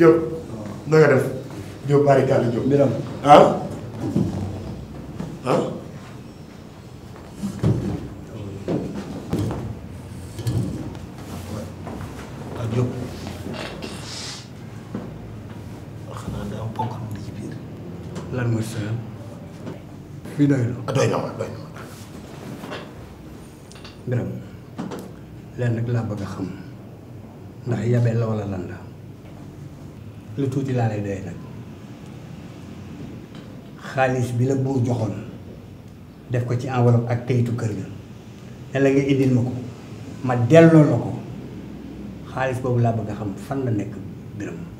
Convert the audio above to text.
Diop na nga def Diop bari kàll Diop. Biram ah ah. ah, ah lan mooy seen. fii doy na. Ah, doy na ma doy na ma. Biram lenn rek laa bëgg xam ndax yabeel la lan la. lu tuuti laa lay doy nag xaalis bi la buur joxoon def ko ci enveloppe ak kayitu kër ga ne la nga indil ma ko ma delloo la ko xaalis boobu laa bëgg a xam fan la nekk biram